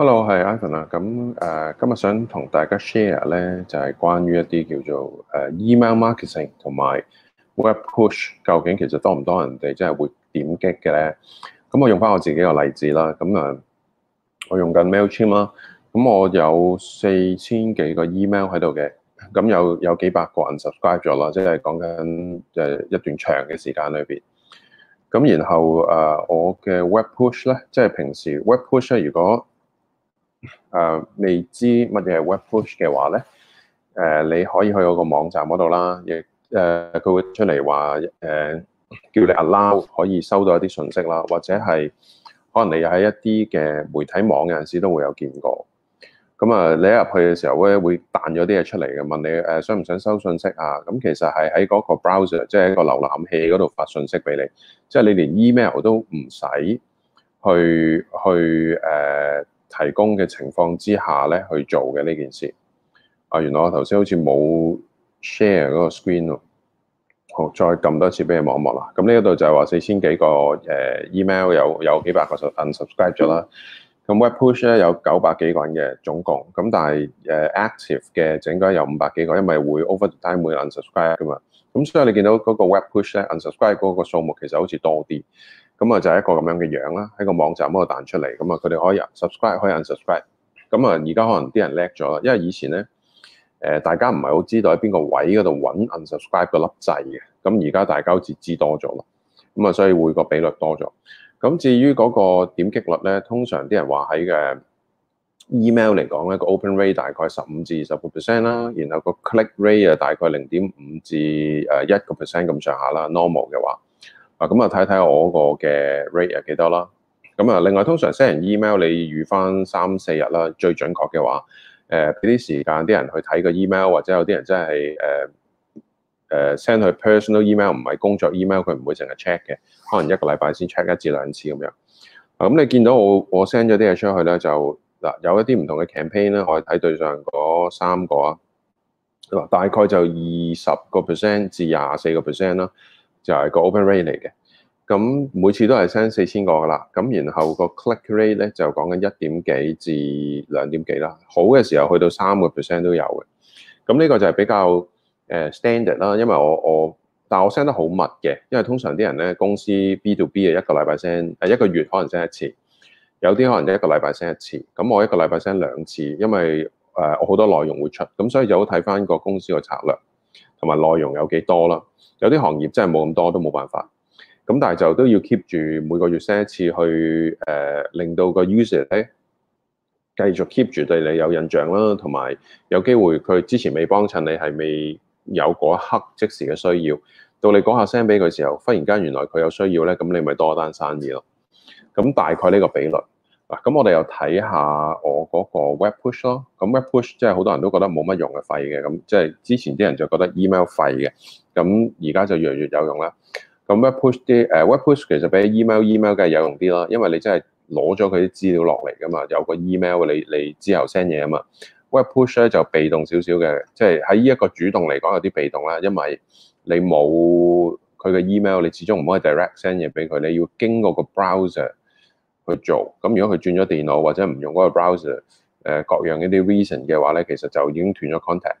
Hello，我係 Ivan 啊。咁誒，今日想同大家 share 咧，就係關於一啲叫做誒 email marketing 同埋 web push，究竟其實多唔多人哋即係會點擊嘅咧？咁我用翻我自己個例子啦。咁啊，我用緊 Mailchimp 啦。咁我有四千幾個 email 喺度嘅，咁有有幾百個人 subscribe 咗啦，即係講緊誒一段長嘅時間裏邊。咁然後誒，我嘅 web push 咧，即係平時 web push 咧，如果誒，uh, 未知乜嘢係 Web Push 嘅話咧，誒、uh,，你可以去我個網站嗰度啦，亦誒，佢會出嚟話，誒、uh,，叫你 Allow，可以收到一啲信息啦，或者係可能你喺一啲嘅媒體網有陣時都會有見過。咁啊，你一入去嘅時候咧，會彈咗啲嘢出嚟嘅，問你誒，uh, 想唔想收信息啊？咁其實係喺嗰個 Browser，即係個瀏覽器嗰度發信息俾你，即、就、係、是、你連 Email 都唔使去去誒。去 uh, 提供嘅情況之下咧去做嘅呢件事，啊，原來我頭先好似冇 share 嗰個 screen 喎，好再撳多次俾你望一望啦。咁呢一度就係話四千幾個誒 email 有有幾百個 unsubscribe 咗啦。咁 web push 咧有九百幾個人嘅總共，咁但係誒 active 嘅就應該有五百幾個，因為會 over time 會 unsubscribe 噶嘛。咁所以你見到嗰個 web push 咧 unsubscribe 嗰個數目其實好似多啲。咁啊，就係一個咁樣嘅樣啦，喺個網站嗰度彈出嚟。咁啊，佢哋可以 subscribe，可以 unsubscribe。咁啊，而家可能啲人叻咗啦，因為以前咧，誒、呃、大家唔係好知道喺邊個位嗰度揾 unsubscribe 個粒掣嘅。咁而家大家好似知多咗咯。咁啊，所以會個比率多咗。咁至於嗰個點擊率咧，通常啲人話喺嘅 email 嚟講咧，個 open rate 大概十五至二十個 percent 啦。然後個 click rate 啊，大概零點五至誒一個 percent 咁上下啦。normal 嘅話。啊咁啊睇睇我個嘅 rate 係幾多啦？咁啊另外通常 send 人 email 你預返三四日啦，最準確嘅話，誒俾啲時間啲人去睇個 email，或者有啲人真係誒誒 send 去 personal email，唔係工作 email，佢唔會成日 check 嘅，可能一個禮拜先 check 一至兩次咁樣。咁、啊、你見到我我 send 咗啲嘢出去咧，就嗱、啊、有一啲唔同嘅 campaign 啦，我睇對上嗰三個啊，大概就二十個 percent 至廿四個 percent 啦。啊就係個 Open Rate 嚟嘅，咁每次都係 send 四千個噶啦，咁然後個 Click Rate 咧就講緊一點幾至兩點幾啦，好嘅時候去到三個 percent 都有嘅，咁呢個就係比較誒 standard 啦，因為我我但係我 send 得好密嘅，因為通常啲人咧公司 B to B 嘅一個禮拜 send 誒一個月可能 send 一次，有啲可能一個禮拜 send 一次，咁我一個禮拜 send 兩次，因為誒我好多內容會出，咁所以就好睇翻個公司個策略。同埋內容有幾多啦，有啲行業真係冇咁多都冇辦法，咁但係就都要 keep 住每個月 send 一次去，誒、呃、令到個 user 咧繼續 keep 住對你有印象啦，同埋有，有機會佢之前未幫襯你係未有嗰一刻即時嘅需要，到你講下聲俾佢時候，忽然間原來佢有需要咧，咁你咪多單生意咯。咁大概呢個比率。嗱，咁我哋又睇下我嗰個 Web Push 咯。咁 Web Push 即係好多人都覺得冇乜用嘅廢嘅，咁即係之前啲人就覺得 email 廢嘅，咁而家就越嚟越有用啦。咁 Web Push 啲誒、呃、Web Push 其實比 email, email email 梗係有用啲咯，因為你真係攞咗佢啲資料落嚟㗎嘛，有個 email 你你之後 send 嘢啊嘛。Web Push 咧就被動少少嘅，即係喺呢一個主動嚟講有啲被動啦，因為你冇佢嘅 email，你始終唔可以 direct send 嘢俾佢，你要經過個 browser。去做咁，如果佢轉咗電腦或者唔用嗰個 browser，誒各樣一啲 reason 嘅話咧，其實就已經斷咗 contact。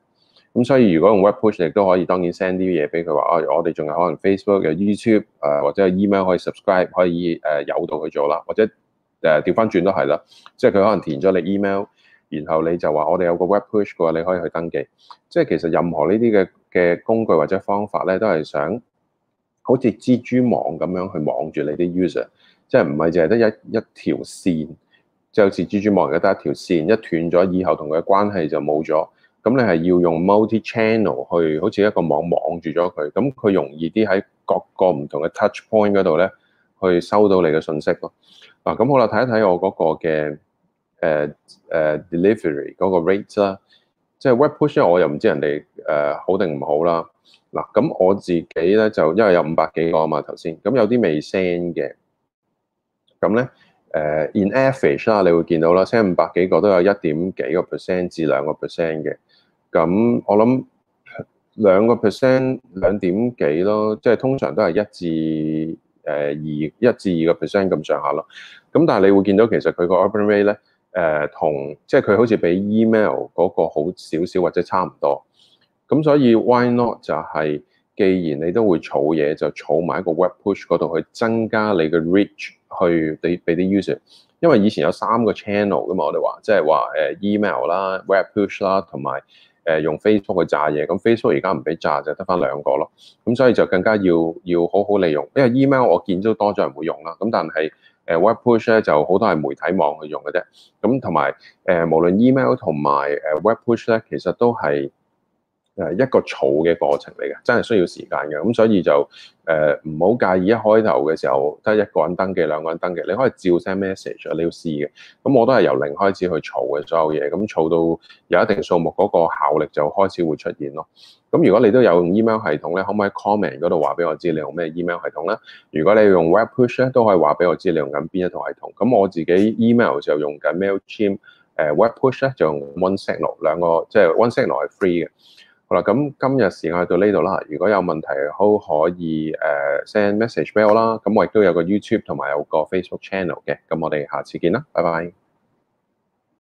咁所以如果用 web push 亦都可以，當然 send 啲嘢俾佢話，哦、哎，我哋仲有可能 Facebook、嘅 YouTube，誒或者 email 可以 subscribe，可以誒有到去做啦。或者誒調翻轉都係啦，即係佢可能填咗你 email，然後你就話我哋有個 web push 嘅，你可以去登記。即係其實任何呢啲嘅嘅工具或者方法咧，都係想好似蜘蛛網咁樣去網住你啲 user。即係唔係淨係得一一條線，即係好似蜘蛛網咁得一條線，一斷咗以後同佢嘅關係就冇咗。咁你係要用 multi channel 去，好似一個網網住咗佢，咁佢容易啲喺各個唔同嘅 touch point 嗰度咧，去收到你嘅信息咯。嗱、啊，咁好啦，睇一睇我嗰個嘅誒誒 delivery 嗰個 rate 啦，即係 web push 咧，我又唔知人哋誒好定唔好啦。嗱，咁我自己咧就因為有五百幾個啊嘛頭先，咁有啲未 send 嘅。咁咧，誒，in average 啦，你會見到啦，send 五百幾個都有一點幾個 percent 至兩個 percent 嘅。咁我諗兩個 percent 兩點幾咯，即係通常都係一至誒二一至二個 percent 咁上下咯。咁但係你會見到其實佢個 open rate 咧，誒、呃，同即係佢好似比 email 嗰個好少少或者差唔多。咁所以 why not 就係、是？既然你都會儲嘢，就儲埋一個 Web Push 嗰度去增加你嘅 Reach 去俾俾啲 user。因為以前有三個 channel 㗎嘛，我哋話即係話誒 email 啦、就是、em ail, Web Push 啦，同埋誒用 Facebook 去炸嘢。咁 Facebook 而家唔俾炸，就得返兩個咯。咁所以就更加要要好好利用。因為 email 我見都多咗人會用啦。咁但係誒 Web Push 咧就好多係媒體網去用嘅啫。咁同埋誒無論 email 同埋誒 Web Push 咧，其實都係。誒一個儲嘅過程嚟嘅，真係需要時間嘅。咁所以就誒唔好介意一開頭嘅時候得一個人登記，兩個人登記，你可以照 send message 啊，你要試嘅。咁我都係由零開始去儲嘅所有嘢，咁儲到有一定數目嗰個效力就開始會出現咯。咁如果你都有 email 系統咧，可唔可以 comment 嗰度話俾我知你用咩 email 系統咧？如果你用 web push 咧，都可以話俾我知你用緊邊一套系統。咁我自己 email 就用緊 mailchimp，呃、web push 咧就用 one signal 兩個，即、就、係、是、one signal 係 free 嘅。好啦，咁今日時間到呢度啦。如果有問題，都可以誒 send message 俾我啦。咁我亦都有個 YouTube 同埋有個 Facebook Channel 嘅。咁我哋下次見啦，拜拜。